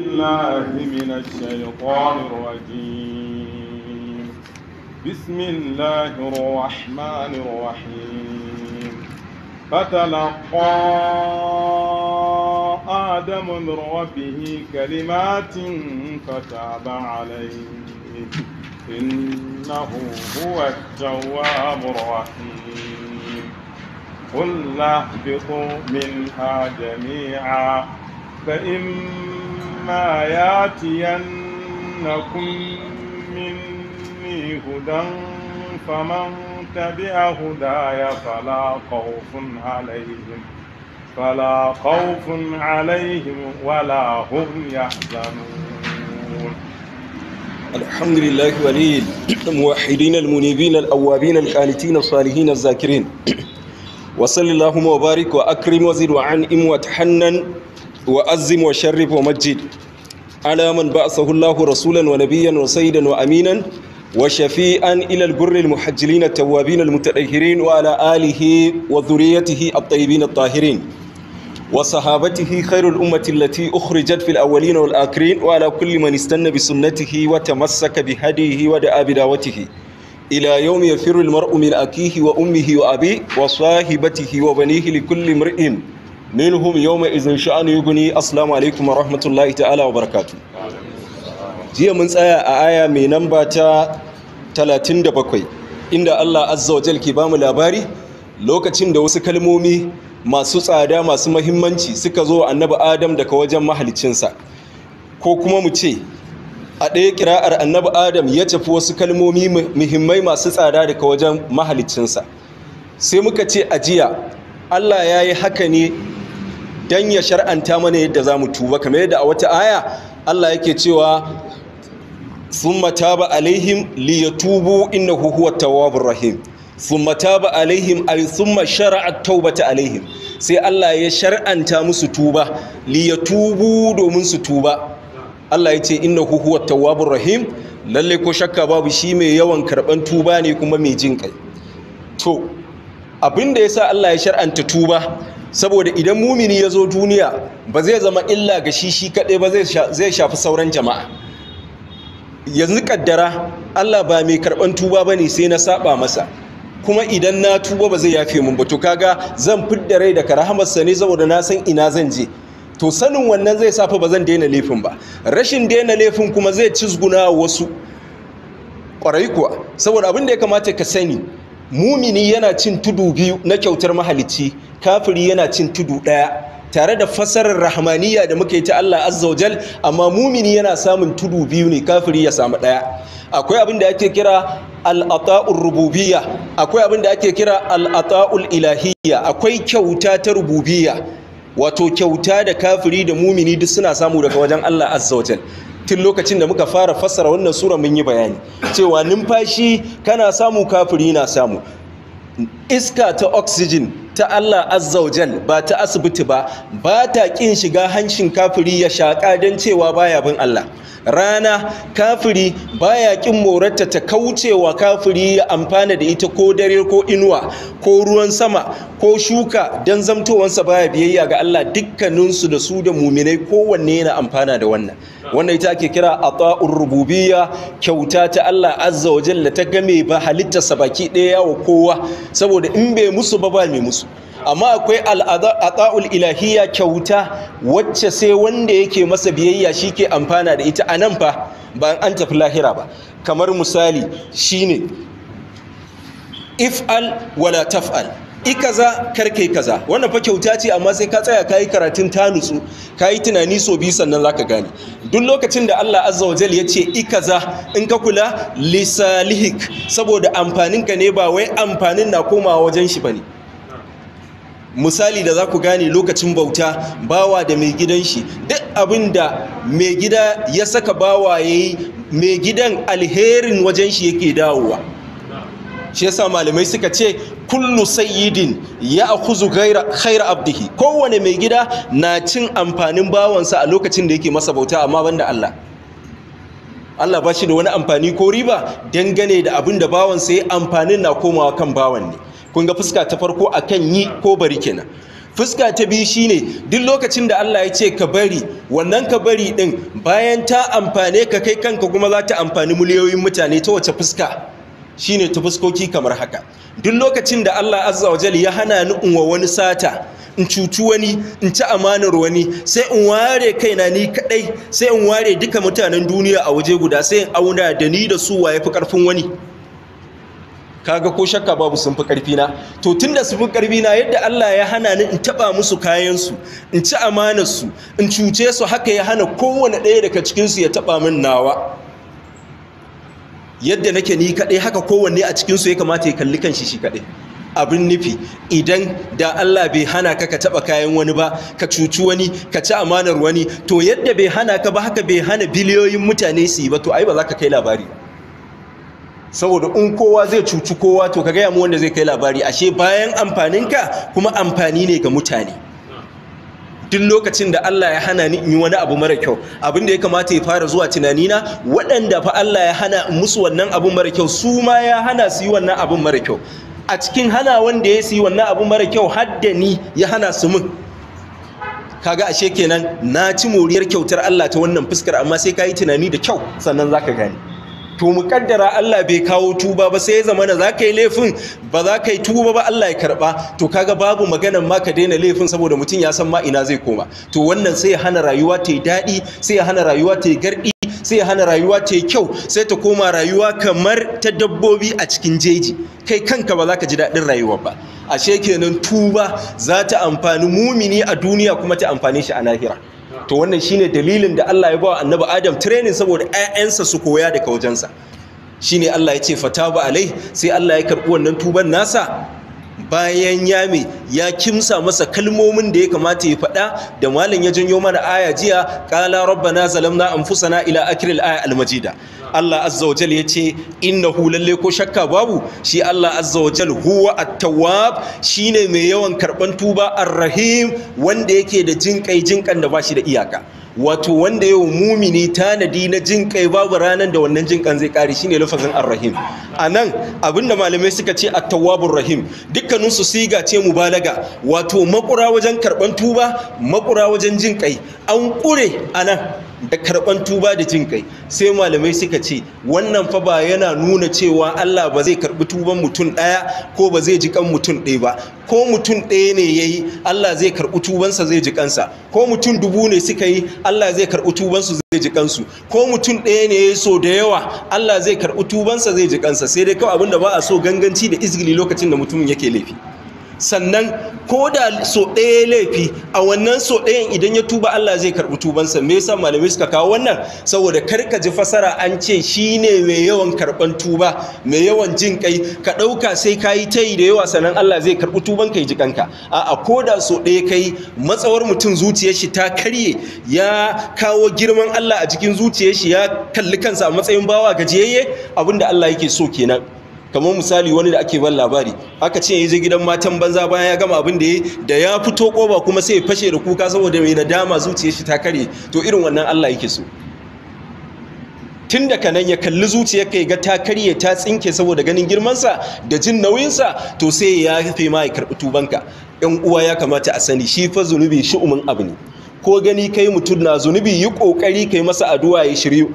بالله من الشيطان الرجيم بسم الله الرحمن الرحيم فتلقى آدم من ربه كلمات فتاب عليه إنه هو التواب الرحيم قل اهبطوا منها جميعا فإما فإما يأتينكم مني هدى فمن تبع هداي فلا خوف عليهم فلا خوف عليهم ولا هم يحزنون الحمد لله ولي الموحدين المنيبين الأوابين الخالتين الصالحين الذاكرين وصل اللهم وبارك وأكرم وزد إم وتحنن wa azim wa sharrif wa majid ala man ba'athahu Allahu rasulan wa nabiyyan wa sayyidan wa aminan wa shafi'an ila al-burri al-muhajjilin at-tawwabin al-mutatahhirin wa ala alihi wa dhurriyyatihi at-tayyibin at-tahirin wa sahabatihi khairul ummati allati ukhrijat fil awwalin wal akhirin wa ala kulli man istanna bi sunnatihi wa tamassaka bi hadihi wa da'a bi dawatihi ila yawmi yafirru al-mar'u min akihi wa ummihi wa abi wa sahibatihi wa banihi li kulli mar'in minhum yawma izin sha'anu yughni assalamu alaikum wa rahmatullahi ta'ala wa barakatu. jiya mun tsaya a aya mai namba ta 37 inda Allah azza wa jalla ke bamu labari lokacin da wasu kalmomi masu tsada masu mahimmanci suka zo annabi Adam daga wajen mahalicinsa ko kuma mu ce a ɗaya kira'ar annabi Adam ya tafi wasu kalmomi muhimmai masu tsada daga wajen mahalicinsa sai muka ce a jiya Allah ya yi haka ne don ya shar'anta mana yadda za mu tuba kamar yadda a wata aya Allah yake cewa sun mata ba alaihim tubu innahu huhuwa tawabin rahim sun mata ba alaihim ay summa shara'a taubata alaihim sai Allah ya shar'anta musu tuba tubu domin su tuba Allah ya ce innahu huhuwa tawabin rahim lalle ko shakka babu shi mai yawan karban tuba ne kuma mai jin kai to abinda sa Allah ya shar'anta tuba saboda idan mumini ya zo duniya ba zai zama illa ga shi shi kaɗai ba zai shafi sauran jama'a yanzu kaddara Allah ba mai karɓan tuba ba ne sai na saba masa kuma idan na tuba ba zai yafe mun ba to kaga zan fidda rai daga rahamarsa ne saboda na san ina zan je to sanin wannan zai safa ba zan daina laifin ba rashin daina laifin kuma zai cizguna wasu ƙwarai kuwa saboda abin da ya kamata ka sani mumini yana cin tudu biyu na kyautar mahalicci kafiri yana cin tudu ɗaya tare da fasarar rahmaniya da muka yi ta Allah azza wa jal amma mumini yana samun tudu biyu ne kafiri ya samu ɗaya akwai abin da ake kira al'ata'ul rububiyya akwai abin da ake kira al'ata'ul ilahiyya akwai kyauta ta rububiyya wato kyauta da kafiri da mumini duk suna samu daga wajen Allah azza wa jal tun lokacin da muka fara fassara wannan sura mun yi bayani cewa numfashi kana samu kafiri na samu iska ta oxygen ta Allah azzawajal ba ta asibiti ba ba ta ƙin shiga hancin kafiri ya shaƙa don cewa baya bin Allah rana kafiri baya ƙin morarta ta kaucewa kafiri ya amfana da ita ko dare ko inuwa ko ruwan sama ko shuka don zamtowansa baya biyayya ga Allah dukkaninsu da su da muminai kowanne yana amfana da wannan wannan ita ake kira ata'ur rububiya kyauta ta Allah azza wa jalla ta game ba halittarsa baki ɗaya wa kowa saboda saboda in bai musu ba ba mai musu amma akwai al'ata'ul ilahiyya kyauta wacce sai wanda yake masa biyayya shi ke amfana da ita anan nan fa ba an tafi lahira ba kamar misali shine if'al wala taf'al i kaza karkai kaza wannan fa kyauta ce amma sai ka tsaya kayi karatun ta nutsu kayi tunani so biyu sannan zaka gane duk lokacin da Allah azza wa jalla yace i kaza in ka kula lisalihik saboda amfanin ka ne ba wai amfanin na komawa wajen shi bane misali da zaku ku gane lokacin bauta bawa da mai gidan shi duk abin da mai gida ya saka bawa yayi mai gidan alherin wajen shi yake dawowa shi yasa malamai suka ce kullu sayyidin ya akuzu gaira khaira abdihi kowane mai gida na cin amfanin bawansa a lokacin da yake masa bauta amma banda Allah Allah ba shi da wani amfani ko riba dangane da abin da bawansa ya amfanin na komawa kan bawan ne kun ga fuska ta farko akan yi ko bari kenan fuska ta biyu shine duk lokacin da Allah ya ce ka bari wannan ka bari din bayan ta amfane ka kai kanka kuma za ta amfani miliyoyin mutane ta wace fuska shine ta fuskoki kamar haka duk lokacin da Allah azza wa jalla ya hana ni in wa wani sata in cutu wani in ci amanar wani sai in ware kaina ni kadai sai in ware duka mutanen duniya a waje guda sai in auna da ni da su waye fi karfin wani kaga ko shakka babu sun fi karfi na to tunda sun fi karfi na yadda Allah ya hana ni in taba musu kayan su in ci amanar su in cuce su haka ya hana kowanne ɗaya daga cikin su ya taba min nawa yadda nake ni kaɗai haka kowanne a cikinsu ya kamata ya kalli kanshi shi kaɗai abin nufi idan da Allah bai hana ka ka taɓa kayan wani ba ka cuci wani ka ci amanar wani to yadda bai hana ka ba haka bai hana biliyoyin mutane su yi ba to ai ba za ka kai labari saboda in kowa zai cuci kowa to ka gaya mu wanda zai kai labari ashe bayan amfaninka kuma amfani ne ga mutane duk lokacin da Allah ya hana ni in yi wani abu mara kyau abin da ya kamata ya fara zuwa tunanina waɗanda fa Allah ya hana musu wannan abu mara kyau su ma ya hana su yi wannan abin mara kyau a cikin hana wanda ya yi wannan abu mara kyau hadda ni ya hana su min kaga ashe kenan na ci moriyar kyautar Allah ta wannan fuskar amma sai ka yi tunani da kyau sannan zaka gani to mu kaddara Allah bai kawo tuba ba sai ya zama na zaka yi laifin ba za ka yi tuba ba Allah ya karba to kaga babu maganan ma ka daina laifin saboda mutum ya san ma ina zai koma to wannan sai ya hana rayuwa ta yi daɗi sai ya hana rayuwa ta yi garɗi sai ya hana rayuwa ta yi kyau sai ta koma rayuwa kamar ta dabbobi a cikin jeji kai kanka ba za ka ji dadin rayuwa ba ashe kenan tuba za ta amfani mumini a duniya kuma ta amfani shi a lahira to wannan shine dalilin da Allah ya ba annabi Adam training saboda ƴaƴansa su koya daga wajensa shine Allah ya ce fataba alai sai Allah ya karbi wannan tuban nasa bayan ya me ya kimsa masa kalmomin da ya kamata ya faɗa da malam ya janyo mana aya jiya qala rabbana zalamna anfusana ila akhiril aya almajida Allah azza wa jalla yace innahu lalle ko shakka babu shi Allah azza wa jalla huwa at-tawwab shine mai yawan karban tuba ar-rahim wanda yake da jinkai jinkan da ba shi da iyaka wato wanda yau mumini tanadi na jin kai babu ranar da wannan jin kan zai kare shi shine lafazin arrahim anan abinda malamai suka ce a tawwabur rahim dukkanin su siga ce mu balaga wato makura wajen karban tuba makura wajen jin kai an kure nan. da karban tuba da jin kai sai malamai suka ce wannan fa ba yana nuna cewa Allah ba zai karbi tuban mutum daya ko ba zai ji kan mutum ɗaya ba ko mutum ɗaya ne yayi Allah zai karbi tubansa zai ji kansa ko mutum dubu ne suka yi Allah zai karbi tubansu zai ji kansu ko mutum ɗaya ne yayi so da yawa Allah zai karbi tubansa zai ji kansa sai dai kawai abinda ba a so ganganci da izgili lokacin da mutumin yake laifi sannan ko da so ɗaya laifi a wannan so ɗayan idan ya tuba Allah zai karɓi tubansa me yasa malamai suka kawo wannan saboda kar ka ji fasara an ce shine mai yawan karɓan tuba mai yawan jin kai ka ɗauka sai ka yi ta yi da yawa sannan Allah zai karɓi tuban ka ji kanka a'a ko da so ɗaya kai matsawar mutum zuciyar shi ta karye ya kawo girman Allah a cikin zuciyar shi ya kalli kansa a matsayin bawa gajiyayye abinda Allah yake so kenan kamar misali wani da ake ban labari aka ce ya je gidan matan banza bayan ya gama abin da ya da ya fito koba kuma sai ya fashe da kuka saboda mai nadama zuciyar shi ta kare to irin wannan Allah yake so tun da nan ya kalli zuciyar kai ga ta karye ta tsinke saboda ganin girmansa da jin nauyinsa to sai ya fi ma ya karɓi tubanka ɗan uwa ya kamata a sani shi fa zunubi shi umin abu ne ko gani kai mutum na zunubi yi ƙoƙari kai masa addu'a ya shiryu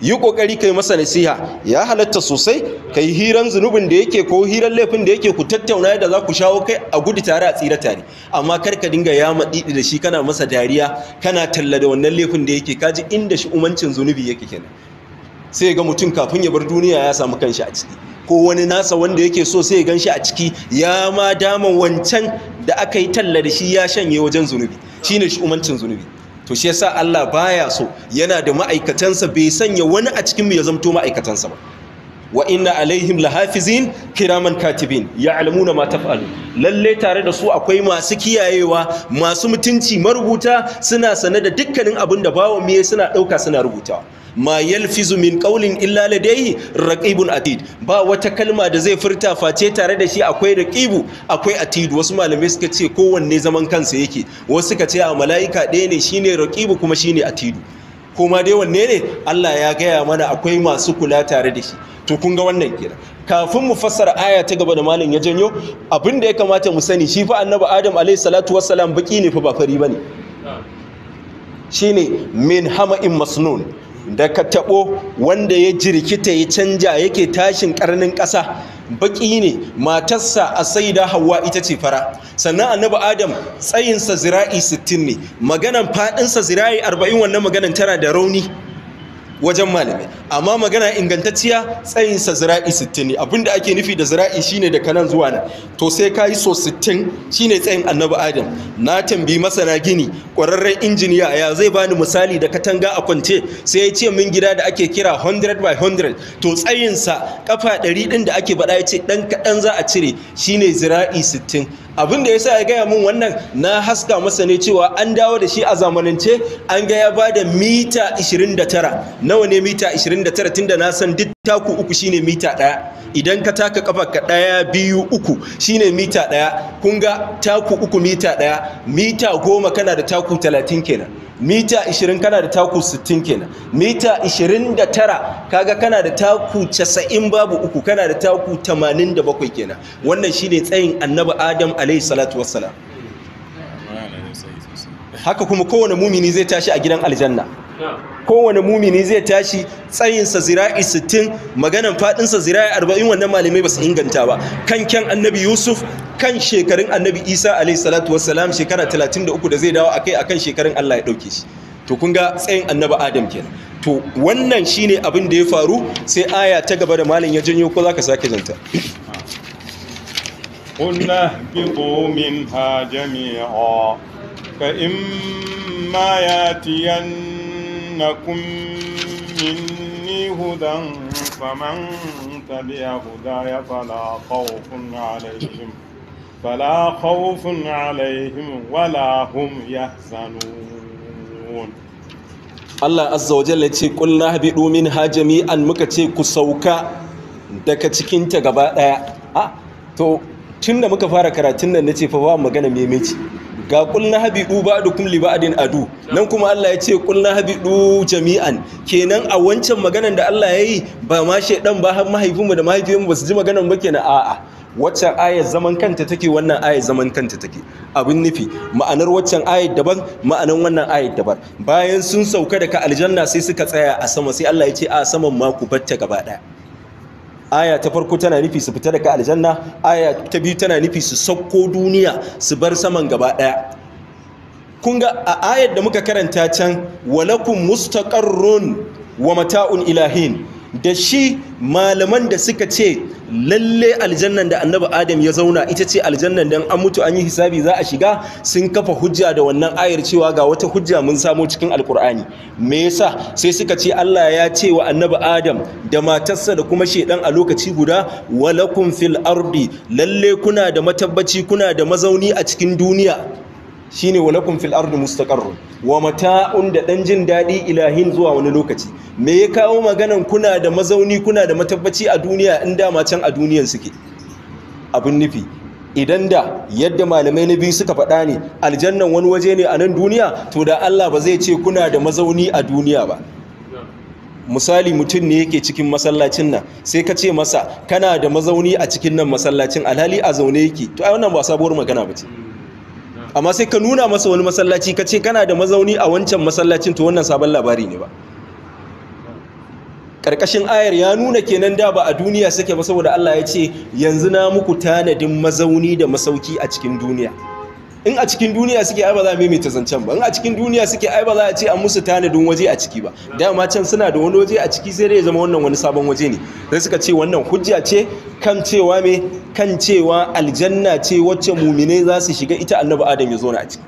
yi kokari kai masa nasiha ya halatta sosai kai hiran zunubin da yake ko hiran laifin da yake ku tattauna yadda za ku shawo kai a gudu tare a tsira tare amma kar ka dinga ya maɗiɗi da shi kana masa dariya kana talla da wannan laifin da yake kaji inda shi umancin zunubi yake kenan sai ga mutum kafin ya bar duniya ya samu kanshi a ciki ko wani nasa wanda yake so sai ya gan shi a ciki ya ma dama wancan da aka yi talla da shi ya shanye wajen zunubi shine shi umancin zunubi to shi yasa Allah baya so yana da ma'aikatansa bai sanya wani a cikin mu ya zamto ma'aikatansa ba wa inna alaihim lahafizin kiraman katibin ya'lamuna ma taf'alu lalle tare da su akwai masu kiyayewa masu mutunci marubuta suna sane da dukkanin abin da bawon miye suna dauka suna rubutawa ma yalfizu min qawlin illa ladayhi raqibun atid ba wata kalma da zai furta face tare da shi akwai raqibu akwai atid wasu malamai suka ce kowanne zaman kansa yake wasu suka ce a malaika ɗaya ne shine raqibu kuma shine atidu kuma dai wanne ne Allah ya gaya mana akwai masu kula tare da shi to kun ga wannan kira kafin mu fassara aya ta gaba da malam ya janyo abin da ya kamata mu sani shi fa annabi adam alayhi salatu wassalam baki ne fa ba fari bane shine min hama'in masnun da ka taɓo wanda ya jirkita ya canja yake tashin ƙarnin ƙasa baƙi ne matarsa a sai da hawa ita ce fara sannan annabi adam tsayinsa zira'i 60 ne maganan faɗinsa zira'i 40 wannan maganan tana da rauni wajen malamai amma magana ingantacciya tsayinsa zira'i 60 ne abinda ake nufi da zira'i shine daga nan zuwa nan to sai kayi so 60 shine tsayin annabi adam na tambi masana gini ƙwararren injiniya ya zai bani misali da katanga a kwance sai ya ce min gida da ake kira 100 by 100 to tsayinsa kafa 100 din da ake bada ya ce dan kaɗan za a cire shine zira'i 60 abin da ya sa ya gaya mun wannan na haska masa ne cewa an dawo da shi a zamanance an ga ya ba da mita 29 nawa ne mita 29 tunda na san duk taku uku shine mita daya idan ka taka kafa ka daya biyu uku shine mita daya kun ga taku uku mita daya mita goma kana da taku 30 kenan mita 20 kana da taku 60 kenan mita 29 kaga kana da taku 90 babu uku kana da taku 87 kenan wannan shine tsayin annabi adam alayhi salatu wassalam haka kuma kowane mumini zai tashi a gidan aljanna kowane mumini zai tashi tsayinsa zira'i 60 maganan fadinsa zira'i 40 wannan malamai ba su inganta ba kan kyan annabi yusuf kan shekarun annabi isa salatu wassalam shekara 33 da zai dawo akai akan shekarun allah ya dauke shi to kun ga tsayin annabi adam ke to wannan shine abin da ya faru sai aya ta gaba da malam ya janyo ko zaka sake janta قلنا اهبطوا منها جميعا فإما ياتينكم مني هدى فمن تبع هداي فلا خوف عليهم فلا خوف عليهم ولا هم يحزنون Allah azza wa jalla ce qul min minha jami'an muka ce ku sauka daga cikin ta gaba daya a ah, to tunda muka fara karatun nan nace fa ba magana meme ga kulna habidu ba'dukum li ba'din adu nan kuma Allah ya ce kulna habidu jami'an kenan a wancan maganan da Allah ya yi ba ma shedan ba har mahaifinmu da Mahaifinmu ba su ji maganan ba kenan a'a waccan ayar zaman kanta take wannan ayar zaman kanta take abin nufi ma'anar waccan ayar daban ma'anar wannan ayar daban bayan sun sauka daga aljanna sai suka tsaya a sama sai Allah ya ce a saman ma ku batta gaba daya aya ta farko tana nufi su fita daga aljanna aya ta biyu tana nufi su sauko duniya su bar saman gaba daya kun ga a ayar da muka karanta can walakun mustaqarrun wa mata'un ilahin da shi malaman da suka ce lalle aljannan da annabi adam ya zauna ita ce aljannan don an mutu an yi hisabi za a shiga sun kafa hujja da wannan ayar cewa ga wata hujja mun samo cikin alkur'ani me yasa sai suka ce Allah ya ce wa annabi adam da matarsa da kuma shedan a lokaci guda Walakun fil ardi lalle kuna da matabbaci kuna da mazauni a cikin duniya Shi shine Walakun fil ardu mustaqarrun wa mata'un da ɗan jin daɗi ilahin zuwa wani lokaci me ya kawo maganan kuna da mazauni kuna da matabbaci a duniya in dama can a duniyan suke abin nufi idan da yadda malamai na biyu suka faɗa ne aljannan wani waje ne a nan duniya to da Allah ba zai ce kuna da mazauni a duniya ba misali mutum ne yake cikin masallacin nan sai ka ce masa kana da mazauni a cikin nan masallacin alhali a zaune yake to a wannan ba sabuwar magana ba ce amma sai ka nuna masa wani masallaci ka ce kana da mazauni a wancan masallacin to wannan sabon labari ne ba ƙarƙashin ayar ya nuna kenan da ba a duniya suke ba saboda Allah ya ce yanzu na muku tanadin mazauni da masauki a cikin duniya in a cikin duniya suke ai ba za a ta zancen ba in a cikin duniya suke ai ba za a ce an musu tanadin waje a ciki ba dama can suna da wani waje a ciki sai dai ya zama wannan wani sabon waje ne sai suka ce wannan hujja ce kan cewa me kan cewa aljanna ce wacce mumine za su shiga ita annabi adam ya zo na a ciki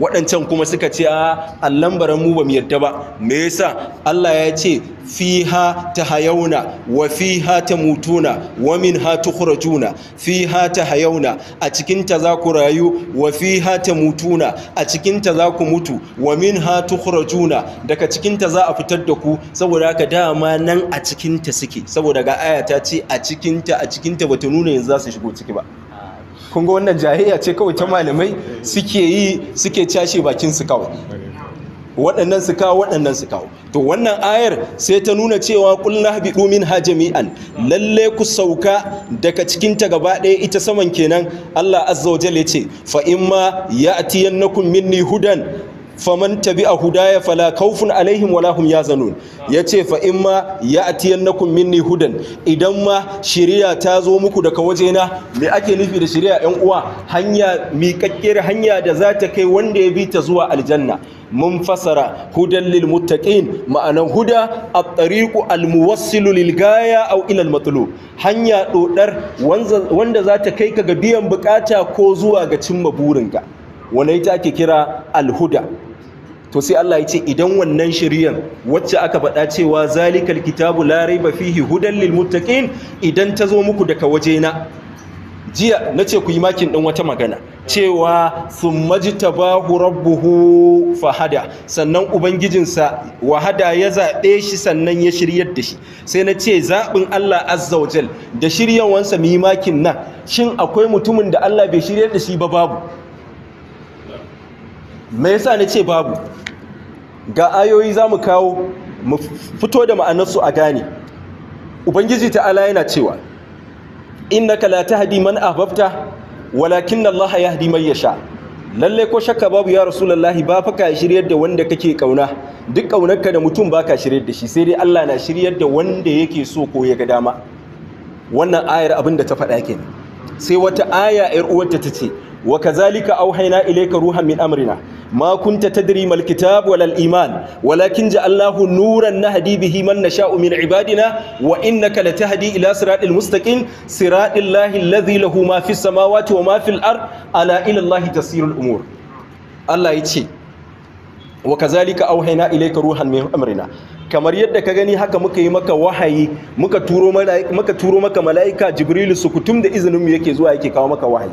waɗancan kuma suka ce a allambaran mu ba mu yarda ba me yasa Allah ya ce fiha tahayauna wa fiha tamutuna wa minha tukhrajuna fiha tahayauna a cikin ta za ku rayu wa fiha tamutuna a cikin ta za ku mutu wa minha tukhrajuna daga cikin ta za a fitar da ku saboda haka dama nan a cikin ta suke saboda ga aya ta ce a cikin ta a cikin ta bata nuna yanzu za su shigo ciki ba kunga wannan ce kawai ta malamai suke yi suke cashe bakin su kawai waɗannan su kawo waɗannan su kawo to wannan ayar sai ta nuna cewa kullu habidu ha jami'an lalle ku sauka daga cikinta ta gaba ɗaya ita saman kenan Allah azza wa jalla yace fa imma ya'tiyannakum minni hudan faman huda hudaya fala kaufin alaihim wala hum ya yace fa imma ya'tiyannakum minni hudan idan ma shirya ta zo muku daga wajena me ake nufi da shirya 'yan uwa hanya miƙaƙƙiyar hanya da za ta kai wanda ya bi ta zuwa aljanna mun fasara hudan lil muttaqin ma'anan huda a tsariku almuwassilu lilgaya lil gaya aw hanya dodar wanda za ta kai ka ga biyan buƙata ko zuwa ga cimma burinka wani ita ake kira alhuda. to sai Allah ya ce idan wannan shiryan wacce aka faɗa cewa zalikal kitabu la raiba fihi hudan lil muttaqin idan ta zo muku daga waje na jiya nace ku yi makin din wata magana cewa sumajtabahu rabbuhu fahada sannan ubangijinsa wahada ya zabe shi sannan ya shiryar da shi sai nace zabin Allah azza wajal da shiryawansa mu yi makin nan shin akwai mutumin da Allah bai shiryar da shi ba babu me yasa nace babu ga ayoyi za mu kawo mu fito da ma'anarsu a gane ubangiji ta'ala yana cewa ka la hadi man ahbabta walakin Allah hadi man yasha lalle ko shakka babu ya rasulullahi ba fa ka shiryar da wanda kake kauna duk kaunarka da mutum ba ka shiryar da shi sai dai Allah na shiryar da wanda yake so ko ya ga dama wannan ayar abin da ta faɗa ke sai wata aya 'yar uwarta ta ce wa kazalika auhayna ilayka ruhan min amrina ma kunta tadri mal kitab wal iman walakin Allahu nuran nahdi bihi man nasha'u min ibadina wa innaka tahadi ila siratil mustaqim siratil lahi alladhi lahu ma fis samawati wa ma fil ard ala umur Allah yace wa kazalika auhayna ilayka ruhan min amrina kamar yadda ka gani haka muka yi maka wahayi turo maka mala'ika jibrilu sukutum da izininmu mu yake zuwa yake kawo maka wahayi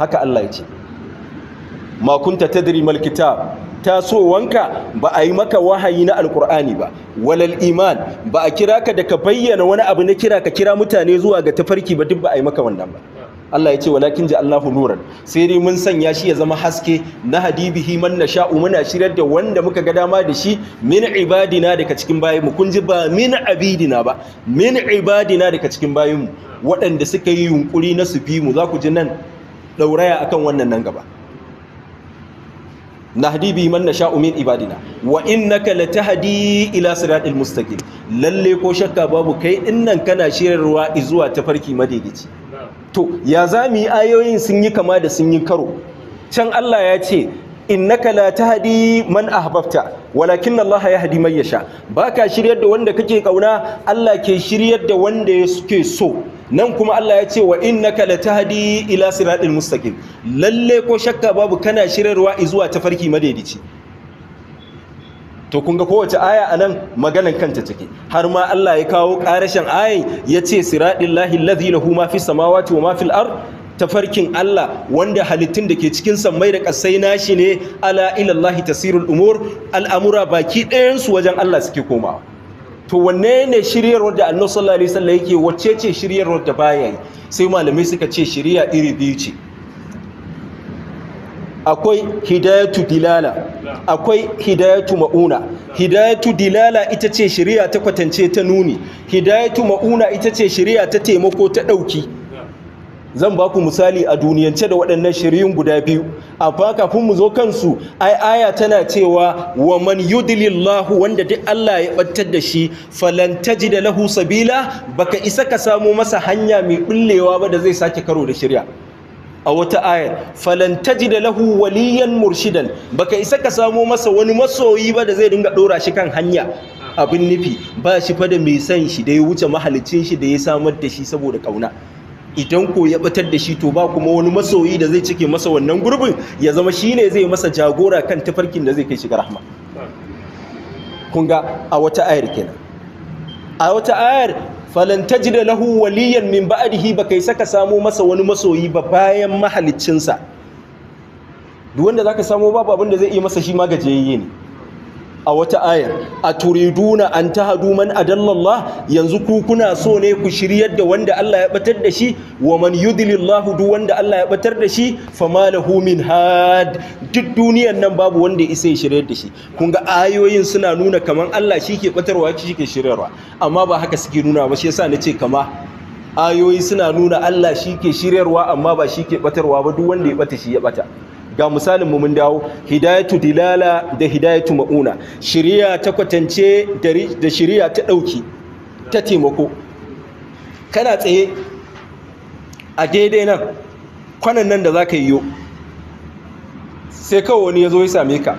haka Allah ya ce ma kunta tadri mal kitab tasowanka ba a yi maka wahayi na alkur'ani ba walal iman ba a kira ka da ka bayyana wani abu na kira ka kira mutane zuwa ga tafarki ba duk ba a yi maka wannan ba Allah ya ce walakin ja'alnahu nuran sai dai mun sanya shi ya zama haske na hadibihi man nasha'u muna shirar da wanda muka ga dama da shi min ibadina daga cikin bayin mu kun ji ba min abidina ba min ibadina daga cikin bayin mu waɗanda suka yi yunkuri na su bi mu za ku ji nan ɗauraya akan wannan nan gaba nahdi bi man na sha'umin ibadina wa innaka hadi ila sirradin mustaqim lalle ko shakka babu kai nan kana shirarwa zuwa tafarki madigici to ya za zami ayoyin sun yi kama da sun yi karo can Allah ya ce innaka la tahdi man ahbabta walakin Allah yahdi man yasha baka shiryar da wanda kake kauna Allah ke shiryar da wanda yake so nan kuma Allah ya ce wa innaka la tahdi ila siratil mustaqim lalle ko shakka babu kana shiryarwa zuwa tafarki madaidaici to kun ga kowace aya a nan maganan kanta take har ma Allah ya kawo ƙarashin ayin ya ce lahi lazi lahu ma fi samawati wa ma fil ar tafarkin Allah wanda halittun da ke cikin sammai da ƙasai nashi ne ala ilallahi tasirul umur al'amura baki ɗayansu wajen Allah suke koma to wanne ne shiryarwar da annabi sallallahu alaihi yake wacce ce shiryarwar da baya yi sai malamai suka ce shiriya iri biyu ce akwai hidayatu dilala akwai hidayatu mauna hidayatu dilala ita ce shiriya ta kwatance ta nuni hidayatu mauna ita ce shiriya ta taimako ta ɗauki zan ba ku misali a duniyance da waɗannan shiriyun guda biyu amma kafin mu zo kansu ai aya tana cewa wa man yudlillahu wanda duk Allah ya battar da shi falan tajid lahu sabila baka isa ka samu masa hanya mai bullewa ba da zai sake karo da shirya a wata ayar falan tajid lahu waliyan murshidan baka isa ka samu masa wani masoyi ba da zai dinga dora shi kan hanya abin nufi ba shi fa da mai san shi da ya wuce mahalicin shi da ya samar da shi saboda kauna idan ko ya batar da shi to ba kuma wani masoyi da zai cike masa wannan gurbin ya zama shi ne zai masa jagora kan tafarkin da zai kai shiga rahma kunga a wata ayar kenan a wata ayar falan tajida lahu waliyan min ba'adihi ba kai saka samu masa wani masoyi ba bayan mahaliccinsa duwanda wanda zaka samu babu abin da zai yi masa shi ma ne a wata ayar a turiduna an tahadu man adallallah yanzu ku kuna so ne ku shiryar da wanda Allah ya batar da shi wa man yudlilillahu du wanda Allah ya batar da shi fama lahu min had duk duniyan nan babu wanda ya isa ya shiryar da shi kun ga ayoyin suna nuna kaman Allah shi ke batarwa shi ke shiryarwa amma ba haka suke nuna ba shi yasa ce kama ayoyi suna nuna Allah shi ke shiryarwa amma ba shi ke batarwa ba duk wanda ya bata shi ya bata ga misalin mu mun dawo hidayatu dilala da hidayatu mauna shiriya ta kwatance da shiriya ta dauki ta taimako kana tsaye a daidai nan kwanan nan da za ka yi yo sai kawai wani ya zo ya same ka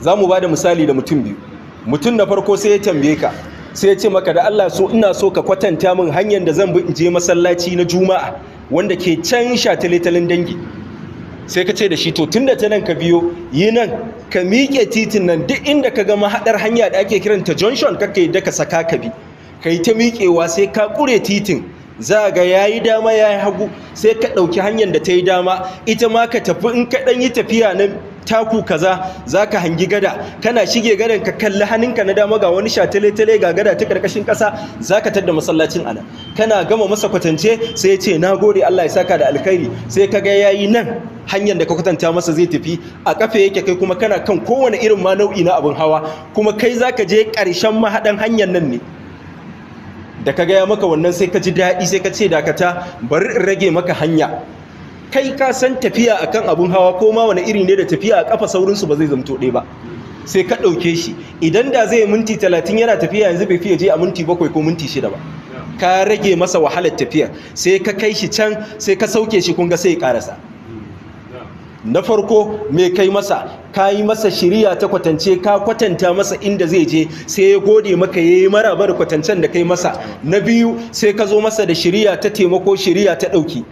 za mu ba da misali da mutum biyu mutum na farko sai ya tambaye ka sai ya ce maka da Allah so ina so ka kwatanta min hanyar da zan bi in je masallaci na juma'a wanda ke can shataletalen dangi sai ka ce da shi to tun da ta nan ka biyo yi nan ka miƙe titin nan duk inda ka gama haɗar hanya da ake kiranta junction kakai yi ka saka ka bi ka yi ta miƙewa sai ka ƙure titin za ga ya yi dama ya yi hagu sai ka ɗauki hanyar da ta yi dama ita ma ka tafi in ka ɗan yi tafiya na taku kaza za ka hangi gada kana shige gadan ka kalli hannunka na dama ga wani shatale-tale ga gada ta ƙarƙashin ƙasa za ka tadda masallacin ana kana gama masa kwatance sai ya ce na gode Allah ya saka da alkhairi sai ka ga ya yi nan hanyar da ka kwatanta masa zai tafi a kafe yake kai kuma kana kan kowane irin ma nau'i na abin hawa kuma kai za ka je ƙarshen mahaɗan hanyar nan ne da ka gaya maka wannan sai ka ji daɗi sai ka ce dakata bari in rage maka hanya kai ka san tafiya akan abun hawa ko ma wani iri ne da tafiya a kafa saurinsu ba zai zamto ɗaya ba sai ka ɗauke shi idan da zai minti talatin yana tafiya yanzu bai fiye je a minti bakwai ko minti shida ba ka rage masa wahalar tafiya sai ka kai shi can sai ka sauke shi kunga sai ya ƙarasa na farko me kai masa ka yi masa shiriya ta kwatance ka kwatanta masa inda zai je sai ya gode maka ya yi marabar da kwatancen da kai masa na biyu sai ka zo masa da shiriya ta taimako shiriya ta ɗauki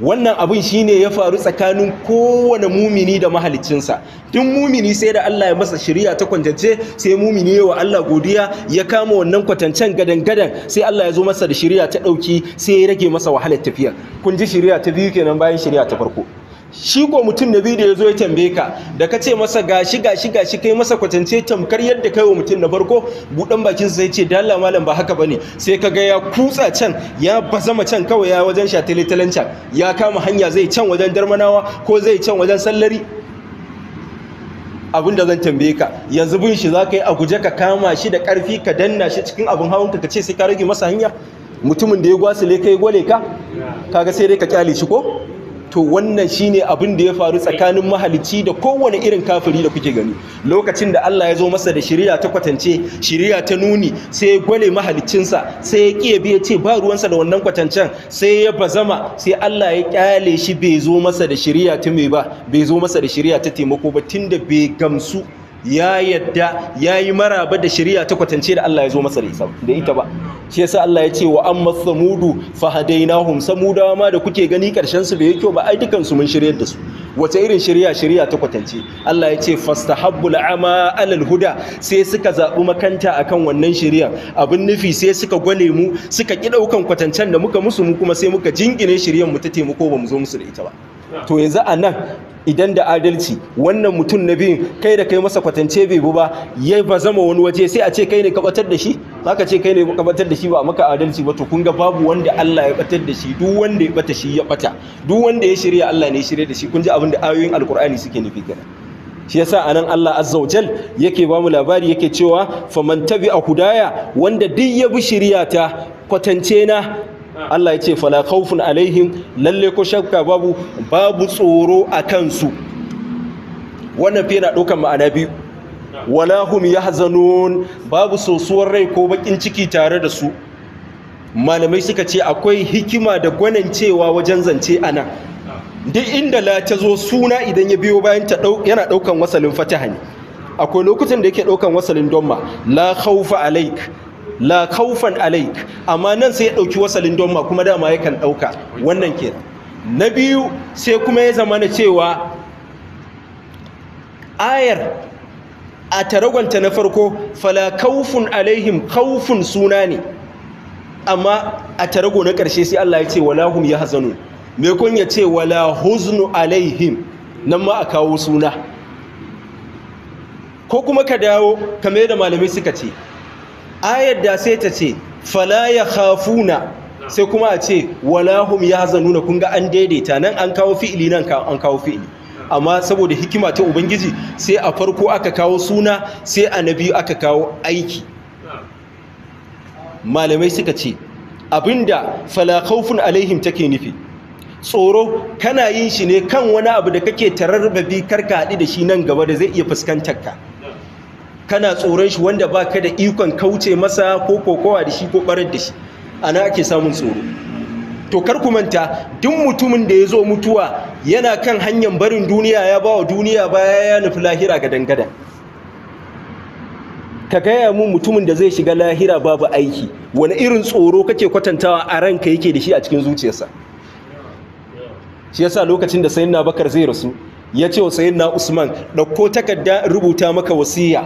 wannan abin shine ya faru tsakanin kowane mumini da mahalicinsa duk mumini sai da Allah ya masa shiriya ta kwatance sai mumini yawa Allah godiya ya kama wannan kwatancen gadan gadan sai Allah ya zo masa da shiriya ta ɗauki sai ya rage masa wahalar tafiya kun ji shiriya ta biyu kenan bayan shiriya ta farko shi ko mutum na biyu da ya zo ya tambaye ka da ka ce masa gashi gashi gashi kai masa kwatance tamkar yadda kai wa mutum na farko buɗan bakin zai ce dalla malam ba haka bane sai ka ga ya kutsa can ya bazama can kawai ya wajen shataletalen can ya kama hanya zai can wajen darmanawa ko zai can wajen sallari abin da zan tambaye ka yanzu bin shi za yi a guje ka kama shi da karfi ka danna shi cikin abin hawan ka ce sai ka rage masa hanya mutumin da ya gwasile ka gole gwale ka kaga sai dai ka kyale shi ko to wannan shine abin da ya faru tsakanin mahalicci da kowane irin kafiri da kuke gani lokacin da Allah ya zo masa da shirya ta kwatance shiriya ta nuni sai ya gwale mahalicinsa sai ya kiye bi ya ce ba ruwansa da wannan kwatancen sai ya bazama sai Allah ya ƙyale shi bai zo masa da shiriya ta mai ba bai zo masa da shiriya ta taimako ba tunda bai gamsu ya yadda ya yi maraba da shari'a ta kwatance da Allah ya zo masa da ita ba shi yasa Allah ya ce wa amma samudu hadainahum samuda ma da kuke gani karshen su bai kyau ba ai dukan su mun shiryar da su wace irin shari'a shari'a ta kwatance Allah ya ce fastahabbul ama alal huda sai suka zabi makanta akan wannan shari'a abin nufi sai suka gwane mu suka ki daukan kwatancen da muka musu mu kuma sai muka jingine shari'ar mu ta taimako ba mu zo musu da ita ba to yanzu a nan idan da adalci wannan mutum na biyun kai da kai masa kwatance bai bu ba ya ba zama wani waje sai a ce kai ne ka da shi za ka ce kai ne ka da shi ba maka adalci ba to kun ga babu wanda Allah ya batar da shi duk wanda ya bata shi ya bata duk wanda ya shirya Allah ne ya shirya da shi kun ji abin da ayoyin alkur'ani suke nufi kenan shi yasa anan Allah azza wajal yake ba mu labari yake cewa faman tabi'a hudaya wanda duk ya bi shirya ta kwatance na Allah ya ce fala khaufun alaihim lalle ko shakka babu babu tsoro a kansu wannan fi yana ɗaukar ma'ana biyu wala hum yahzanun babu sosuwar rai ko bakin ciki tare da su malamai suka ce akwai hikima da gwanin cewa wajen zance ana duk inda la ta zo suna idan ya biyo bayan ta yana daukan wasalin fataha ne akwai lokacin da yake daukan wasalin domma la khaufa alaik la kaufan alaik amma nan sai ya dauki wasalin don ma kuma dama yakan dauka wannan ke. na biyu sai kuma ya zama na cewa ayar a taragonta na farko fala kaufun alaihim kaufun suna ne amma a tarago na karshe sai Allah ya ce wala hum hazanu me kun ya ce wala huznu alaihim nan ma a kawo suna ko kuma ka dawo kamar da malamai suka ce ayar da sai ta ce fala ya khafuna sai kuma a ce walahum ya zanuna kun ga an daidaita nan an kawo fi'ili nan an kawo fi'ili amma saboda hikima ta ubangiji sai a farko aka kawo suna sai a na biyu aka kawo aiki malamai suka ce abinda fala khawfun alaihim take nufi tsoro kana yin shi ne kan wani abu da kake tararrabi karka haɗu da shi nan gaba da zai iya fuskantar ka kana tsoron shi wanda ba ka da ikon kauce masa ko kokowa da shi ko barar da shi ana ake samun tsoro to kar ku manta duk mutumin da ya zo mutuwa yana kan hanyar barin duniya ya ba wa duniya baya ya nufi lahira ga dangada ka gaya mu mutumin da zai shiga lahira babu aiki wani irin tsoro kake kwatantawa a ranka yake da shi a cikin zuciyarsa shi yasa lokacin da sayyidina bakar zai rasu ya ce wa sayyidina usman ɗauko takarda rubuta maka wasiya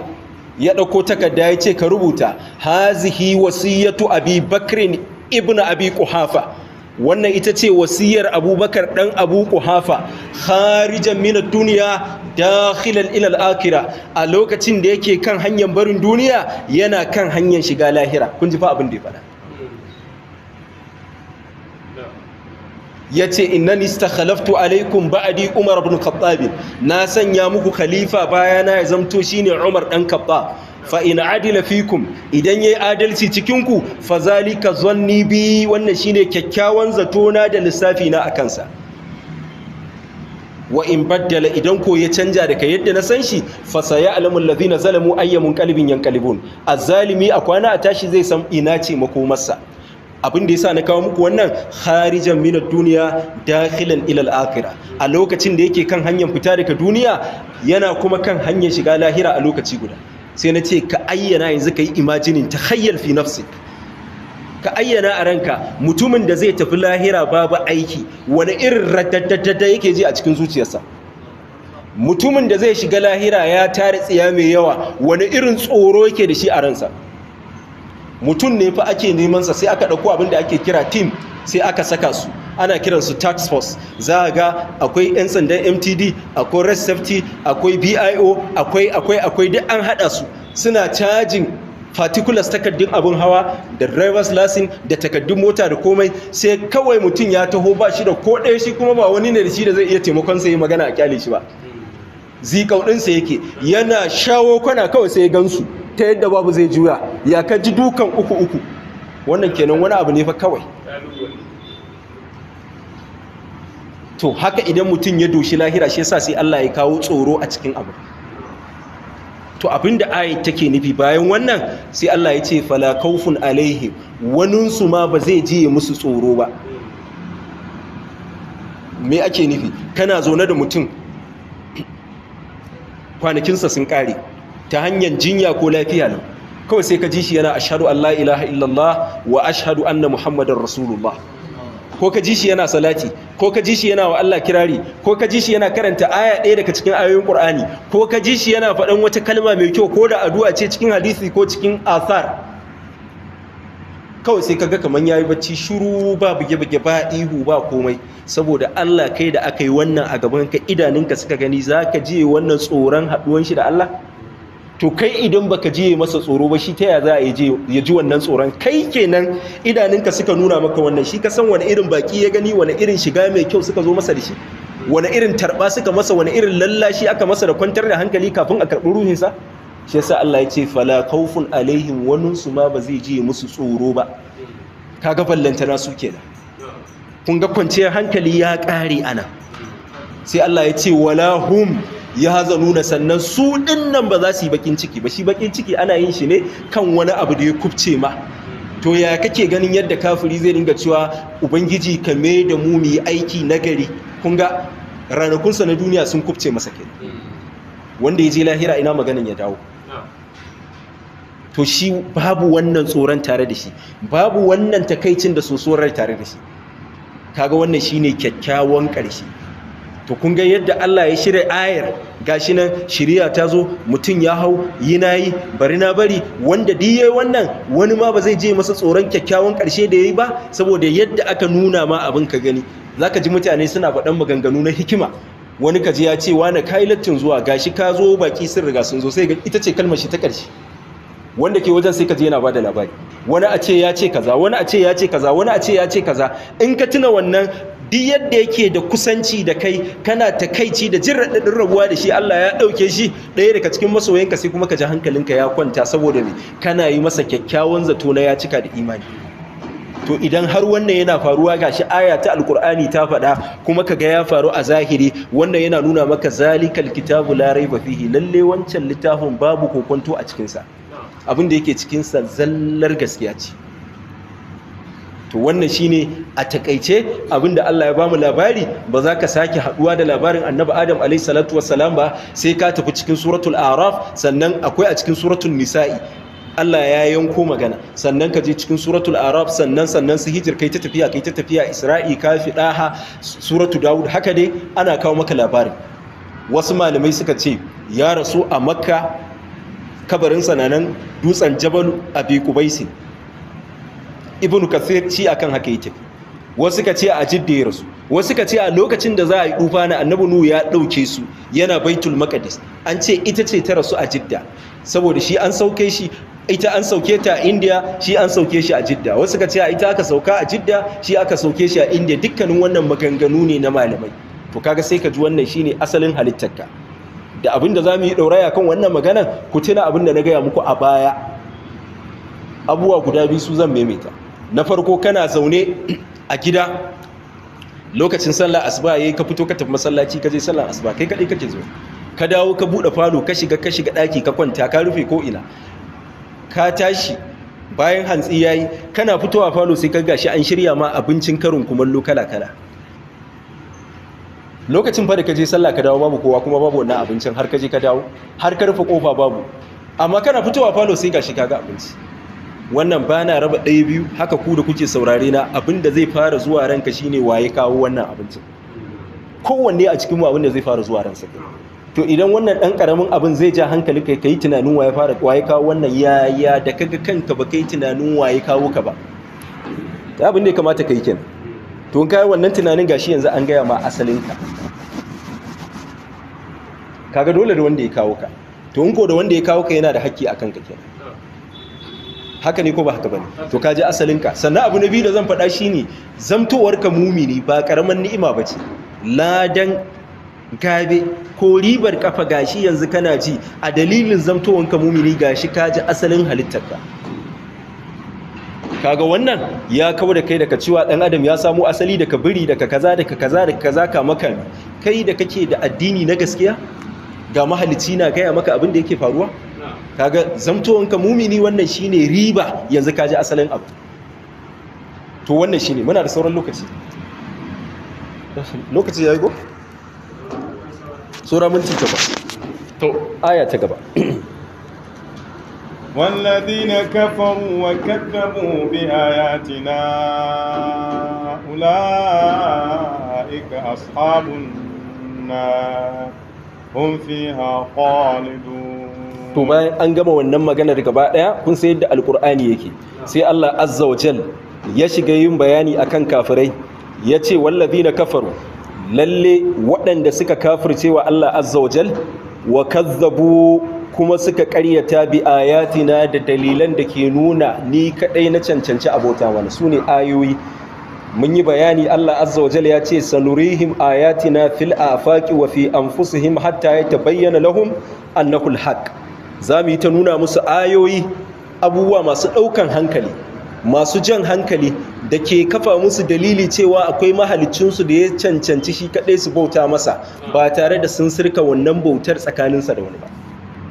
ya ɗauko takarda ya ce ka rubuta hazihi wasiyatu abi bakrin ibn abi kuhafa wannan ita ce wasiyar abubakar ɗan abu kuhafa harijan mina duniya hilal ilal akira a lokacin da yake kan hanyar barin duniya yana kan hanyar shiga lahira kun ji fa abin da ya faɗa ya ce nista khalaftu alaikum ba'adi umar abin khattab na sanya muku khalifa bayana ya zamto shine umar ɗan kabba. fa ina adila fikum idan ya yi adalci cikinku? ku fa zalika zanni bi wannan shine kyakkyawan zato na da lissafi na a kansa. wa in baddala idan ko ya canja daga yadda na san shi fa lafi na zalamu ayyamun yankalibun a zalimi a kwana a tashi zai san ina ce makomarsa abin da ya sa na kawo muku wannan harijan minar duniya dakilan ilal akira a lokacin da yake kan hanyar fita daga duniya yana kuma kan hanyar shiga lahira a lokaci guda sai na ce ka ayyana yanzu ka yi imajinin ta hayyar fi nafsi ka ayyana a ranka mutumin da zai tafi lahira babu aiki wani irin radadadada yake ji a cikin zuciyarsa mutumin da zai shiga lahira ya tare tsiya mai yawa wani irin tsoro yake da shi a ransa mutum ne fa ake nemansa sai aka ɗauko abin da ake kira team sai aka saka su ana kiransu tax force za a ga akwai 'yan sandan mtd akwai red safety akwai bio akwai akwai akwai duk an haɗa su suna cajin particulars takardun abin hawa da driver's license da takardun mota da komai sai kawai mutum ya taho ba shi da ko ɗaya shi kuma ba wani ne da shi da zai iya taimakon sai magana a kyale shi ba zikaudin sa yake yana shawo kwana kawai sai gansu ta yadda babu zai juya ya ka ji dukan uku uku wannan kenan wani abu ne fa kawai to haka idan mutum ya doshi lahira shi yasa sai Allah ya kawo tsoro a cikin abu to abinda ayat take nufi bayan wannan sai Allah ya ce fala alaihi wanin waninsu ma ba zai ji musu tsoro ba me ake nufi kana zaune da mutum kwanakinsa sun kare ta hanyar jinya ko lafiya ne. kawai sai ka ji shi yana ashadu an ilaha illallah wa ashadu anna muhammadar rasulullah ko ka ji shi yana salati ko ka ji shi yana wa Allah kirari ko ka ji shi yana karanta aya ɗaya daga cikin ayoyin Qur'ani ko ka ji shi yana faɗan wata kalma mai kyau ko da addu'a ce cikin hadisi ko cikin asar kawai sai kaga kaman yayi bacci shiru ba buge-buge ba ihu ba komai saboda Allah kai da aka yi wannan a gaban ka idanunka suka gani zaka je wannan tsoron haɗuwan shi da Allah to kai idan baka je masa tsoro ba shi ta ya za a ya ji wannan tsoron kai kenan idaninka suka nuna maka wannan shi ka san wani irin baki ya gani wani irin shiga mai kyau suka zo masa da shi wani irin tarba suka masa wani irin lallashi aka masa da kwantar da hankali kafin a karɓi ruhinsa shi yasa Allah ya ce fala khawfun alaihim wannan su ma ba zai ji musu tsoro ba kaga na su kenan kun ga kwanciyar hankali ya ƙare ana sai Allah ya ce wala hum ya nuna sannan su dinnan ba za su yi bakin ciki ba shi bakin ciki ana yin shi ne kan wani abu da ya kubce ma to ya kake ganin yadda kafiri zai dinga cewa ubangiji ka mai da mu mu aiki nagari kun ga ranakunsa na duniya sun kubce masa ke wanda ya je lahira ina maganin ya dawo to shi babu wannan tsoron tare da shi babu wannan takaicin da sosuwar tare da shi kaga wannan shine kyakkyawan ƙarshe to kun ga yadda Allah ya shirya ayar gashi nan shiriya ta zo mutum ya hau yi yi bari na bari wanda yayi wannan wani ma ba zai je masa tsoron kyakkyawan karshe da yayi ba saboda yadda aka nuna ma abin ka gani zaka ji mutane suna faɗan maganganu na hikima wani kaji ya ce wani kai lattin zuwa gashi ka zo baki sun riga sun zo sai ga ita ce kalmar shi ta karshe wanda ke wajen sai kaji yana bada labari wani a ce ya ce kaza wani a ce ya ce kaza wani a ce ya ce kaza in ka tuna wannan duk yadda yake da kusanci da kai kana ta takaici da jin raɗaɗin rabuwa da shi Allah ya ɗauke shi ɗaya daga cikin masoyanka sai kuma ka ji hankalinka ya kwanta saboda me kana yi masa kyakkyawan zato na ya cika da imani to idan har wannan yana faruwa gashi aya ta alkur'ani ta faɗa kuma kaga ya faru a zahiri wannan yana nuna maka zalikal kitabu la raiba fihi lalle wancan littafin babu kokonto a cikin sa abin da yake cikin sa zallar gaskiya ce to wannan shine a takaice abinda Allah ya bamu labari ba za ka sake haduwa da labarin annabi Adam alayhi salatu wassalam ba sai ka tafi cikin suratul araf sannan akwai a cikin suratul nisa'i Allah ya yanko magana sannan ka je cikin suratul Araf. sannan sannan su hijir kai ta tafiya kai ta tafiya isra'i fi daha suratu daud haka dai ana kawo maka labarin wasu malamai suka ce ya rasu a makka kabarin sananan dutsen jabal abi kubaisin ibnu kasir shi akan haka yake wasu ka ce a jidda ya rasu wasu ka ce a lokacin da za a yi dufa na annabi nuhu ya dauke su yana baitul maqdis an ce ita ce ta rasu a jidda saboda shi an sauke shi ita an sauke ta a india shi an sauke shi a jidda wasu ka ce a ita aka sauka a jidda shi aka sauke shi a india dukkanin wannan maganganu ne na malamai to kaga sai ka ji wannan shine asalin halittarka da abinda za mu yi ɗauraya kan wannan maganar ku tuna abinda na gaya muku a baya abubuwa guda biyu su zan maimaita na farko kana zaune a gida lokacin sallah asuba yi ka fito ka tafi masallaci ka je sallah asuba kai kadai kake zo ka dawo ka bude falo ka shiga ka shiga daki ka kwanta ka rufe ko ina ka tashi bayan hantsi yayi kana fitowa falo sai ka gashi an shirya ma abincin karin kumallo kala kala lokacin fa da ka je sallah ka dawo babu kowa kuma babu wannan abincin har ka je ka dawo har ka rufe kofa babu amma kana fitowa falo sai gashi kaga abinci wannan ba na raba ɗaya biyu haka ku da kuke saurare na abinda zai fara zuwa ranka shine waye kawo wannan abincin kowanne a cikin mu abinda zai fara zuwa ransa to idan wannan ɗan ƙaramin abin zai ja hankali kai kai tunanin waye fara waye kawo wannan yaya da kaga kanka ba kai tunanin waye kawo ka ba ta abin da ya kamata kai kenan to in kai wannan tunanin gashi yanzu an gaya ma asalin ka kaga dole da wanda ya kawo ka to in ko da wanda ya kawo ka yana da haƙƙi akan ka kenan haka ne ko ba haka bane to ka ji ka sannan abu na biyu da zan faɗa shine ka mumini ba karaman ni'ima bace ladan gabe ko ribar kafa gashi yanzu kana ji a dalilin ka mumini gashi ka ji asalin halittarka kaga wannan ya kawo da kai daga cewa dan adam ya samu asali daga biri daga kaza daga kaza daga kaza ka maka kai da kake da addini na gaskiya ga mahalicci na gaya maka abin da yake faruwa kaga zamtowanka mumini wannan shine riba yanzu kaji asalin abu to wannan shine muna da sauran lokaci lokaci yayi go sura minti ba to aya ta gaba والذين كفروا وكذبوا بآياتنا أولئك أصحاب النار هم فيها خالدون to bayan an gama wannan maganar gaba daya kun sai yadda alkur'ani yake sai Allah azza wa jal ya shiga yin bayani akan kafirai ya ce wallazina kafaru lalle waɗanda suka kafirce wa Allah azza wa jal wa kazzabu kuma suka ƙaryata bi ayatina da dalilan da ke nuna ni kadai na cancanci abota wani sune ayoyi mun yi bayani Allah azza wa jal ya ce sanurihim ayatina fil afaqi wa fi anfusihim hatta bayyana lahum annahul haq. haqq za mu yi ta nuna musu ayoyi abubuwa masu ɗaukan hankali masu jan hankali da ke kafa musu dalili cewa akwai mahalicinsu da ya cancanci shi kaɗai su bauta masa ba tare da sun sirka wannan bautar tsakaninsa da wani ba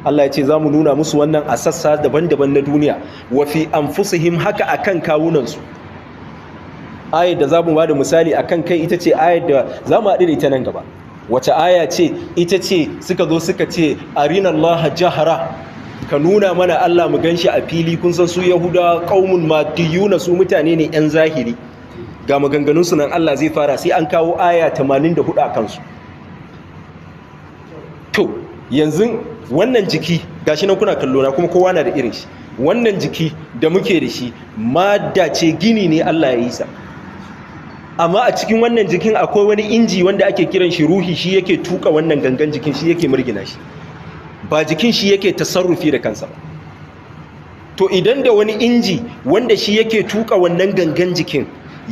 Allah ya ce za mu nuna musu wannan a sassa daban-daban na duniya wafi an anfusihim haka a akan kawunansu ayar da za mu ba da misali akan kai ita ce ayar da za mu haɗu da ita nan gaba wace aya ce ita ce suka zo suka ce allaha jahara ka nuna mana Allah mu ganshi a fili kun san su yahuda qaumun madiyuna su mutane ne yan zahiri ga maganganun su nan Allah zai fara sai an kawo aya 84 a kansu to yanzu wannan jiki gashi nan kuna kallo na kuma kowa na da irin shi wannan jiki da muke da shi madda ce gini ne Allah ya yi sa amma a cikin wannan jikin akwai wani inji wanda ake kiran shi ruhi shi yake tuka wannan gangan jikin shi yake murgina shi ba jikin shi yake tasarrufi da kansa ba to idan da wani inji wanda shi yake tuka wannan gangan jikin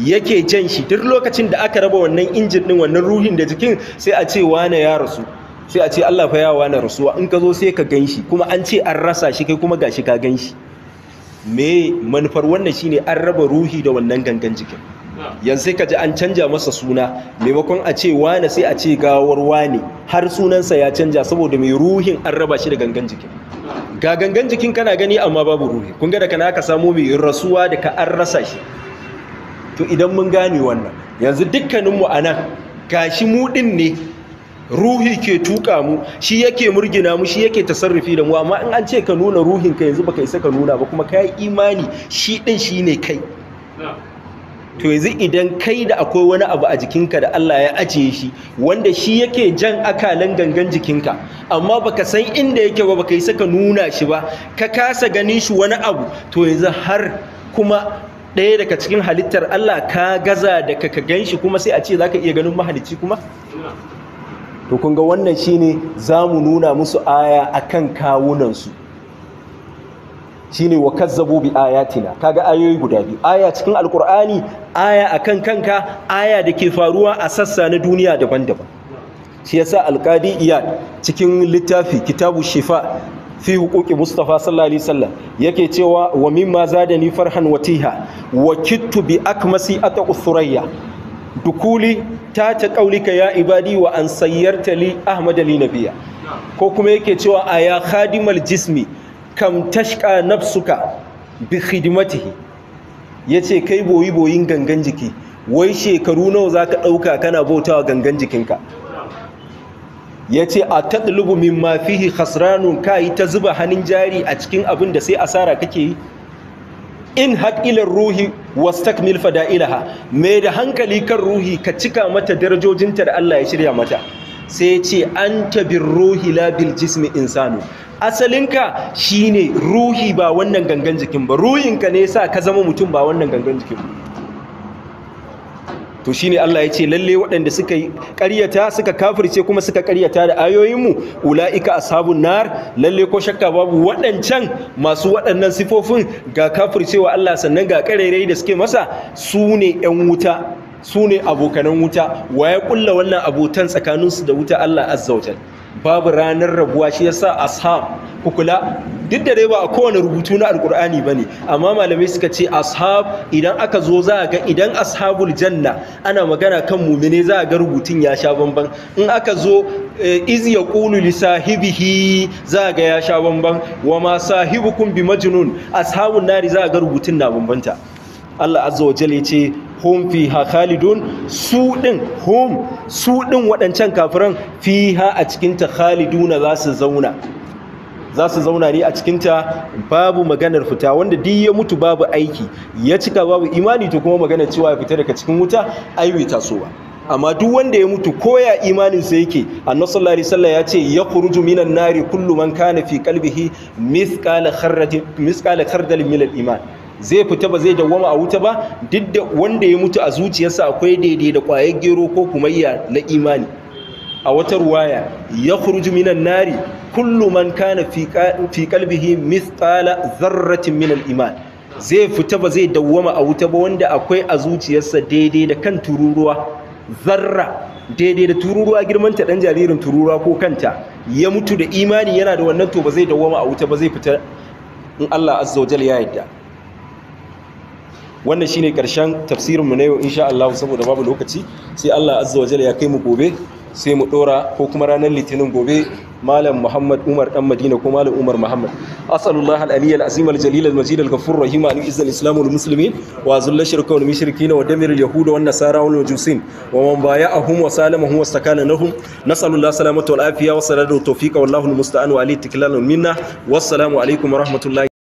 yake jan shi duk lokacin da aka raba wannan injin din wannan ruhin da jikin sai a ce wane ya rasu sai a ce Allah fa ya wane rasuwa in ka zo sai ka gan shi kuma an ce an rasa shi kai kuma gashi ka gan shi me manufar wannan shine an raba ruhi da wannan gangan jikin yanzu sai ka ji an canja masa suna maimakon a ce wane sai a ce gawar wane har sunansa ya canja saboda mai ruhin an raba shi da gangan jikin ga gangan jikin kana gani amma babu ruhi kun ga da kana aka samu mai rasuwa da ka an rasa shi to idan mun gane wannan yanzu dukkaninmu a nan gashi mu din ne ruhi ke tuka mu shi yake murgina mu shi yake tasarrufi da mu amma in an ce ka nuna ruhin ka yanzu baka isa ka nuna ba kuma kai imani shi din shine kai to yanzu idan kai da akwai wani abu a jikinka da Allah ya ajiye shi wanda shi yake jan akalan gangan jikinka amma baka san inda yake ba baka yi saka nuna shi ba ka kasa ganin shi wani abu to yanzu har kuma ɗaya daga cikin halittar Allah ka gaza da ka gan shi kuma sai a ce za ka iya ganin mahalicci kuma to kun ga wannan shine zamu nuna musu aya akan kawunan su shine wa kazzabu bi ayatina kaga ayoyi guda biyu aya cikin alkur'ani aya akan kanka aya da ke faruwa a sassa na duniya daban-daban shi yasa alqadi iya cikin littafi kitabu shifa fi huquqi mustafa sallallahu alaihi wasallam yake cewa wa mimma ni farhan watiha wa kittu bi akmasi ataqu dukuli ta ta kaulika ya ibadi wa an sayyarta li ahmad ali nabiya ko kuma yake cewa aya khadimal jismi kam tashka nafsuka bi khidmatihi yace kai boyi boyin gangan jiki wai shekaru nawa zaka dauka kana bautawa gangan jikinka yace a tadlubu mimma fihi khasranun kai ta zuba hannun jari a cikin abin da sai asara kake yi in haƙilar ruhi wastakmil fada'ilaha mai da hankali kan ruhi ka cika mata darajojinta da Allah ya shirya mata sai ce an tabir ruhi labil jismi insanu asalinka shine ruhi ba wannan gangan jikin ba ruhinka ne sa ka zama mutum ba wannan gangan jikin ba to shine Allah ya ce lalle waɗanda suka yi ƙaryata suka kafirce kuma suka ƙaryata da ayoyinmu ula'ika ashabun nar lalle ko shakka babu waɗancan masu waɗannan sifofin ga kafircewa Allah sannan ga ƙarerai da suke masa su ne ƴan wuta su ne abokanan wuta wa ya ƙulla wannan abotan tsakaninsu da wuta Allah azza babu ranar rabuwa shi yasa ashab ku kula duk da dai ba a kowane rubutu na alkur'ani ne. amma malamai suka ce ashab idan aka zo za a ga idan ashabul janna ana magana kan mumine za a ga rubutun ya sha bamban in aka zo eh, iz yaqulu li sahibihi za ga ya sha bamban wa ma sahibukum bi majnun ashabun nari za a ga rubutun na bambanta Allah azza wa jalla yace hum ha khalidun su din hum su din waɗancan kafiran ha a cikin ta khaliduna za su zauna za su zauna ne a cikinta babu maganar fita wanda duk ya mutu babu aiki ya cika babu imani to kuma maganar cewa ya fita daga cikin wuta ai bai tasowa amma duk wanda ya mutu koya imanin sa yake annabi sallallahu alaihi wasallam ya ce ya khuruju minan nari kullu man kana fi qalbihi mithqala kharratin mithqala khardal min al-iman zai fita ba zai dawwama a wuta ba duk da wanda ya mutu a zuciyarsa akwai daidai da ƙwayar gero ko kumayya na imani a wata ruwaya ya kurju minan nari kullu man kana fi kalbihi mithqala zarratin minan iman zai fita ba zai dawwama a wuta ba wanda akwai a zuciyarsa daidai da kan tururuwa zarra daidai da tururuwa girmanta dan jaririn tururuwa ko kanta ya mutu da imani yana da wannan to ba zai dawwama a wuta ba zai fita in Allah azza wa ya yarda wannan shine karshen tafsirin mu na yau insha Allah saboda babu lokaci sai Allah azza wa jalla ya kai mu gobe sai mu dora ko kuma ranar litinin gobe malam muhammad umar dan madina ko malam umar muhammad asalullah al-ali al-azim al-jalil al-majid al-ghafur rahim an izza al-islam wal muslimin wa azilla shirka wal mushrikin wa damir al-yahud wa nasara wal majusin wa man bay'ahum wa salamahum wa istakana lahum nasallallahu salamata wal afiya wa salatu tawfiqa wallahu al-musta'an wa alayhi tiklalan minna wassalamu alaykum wa rahmatullahi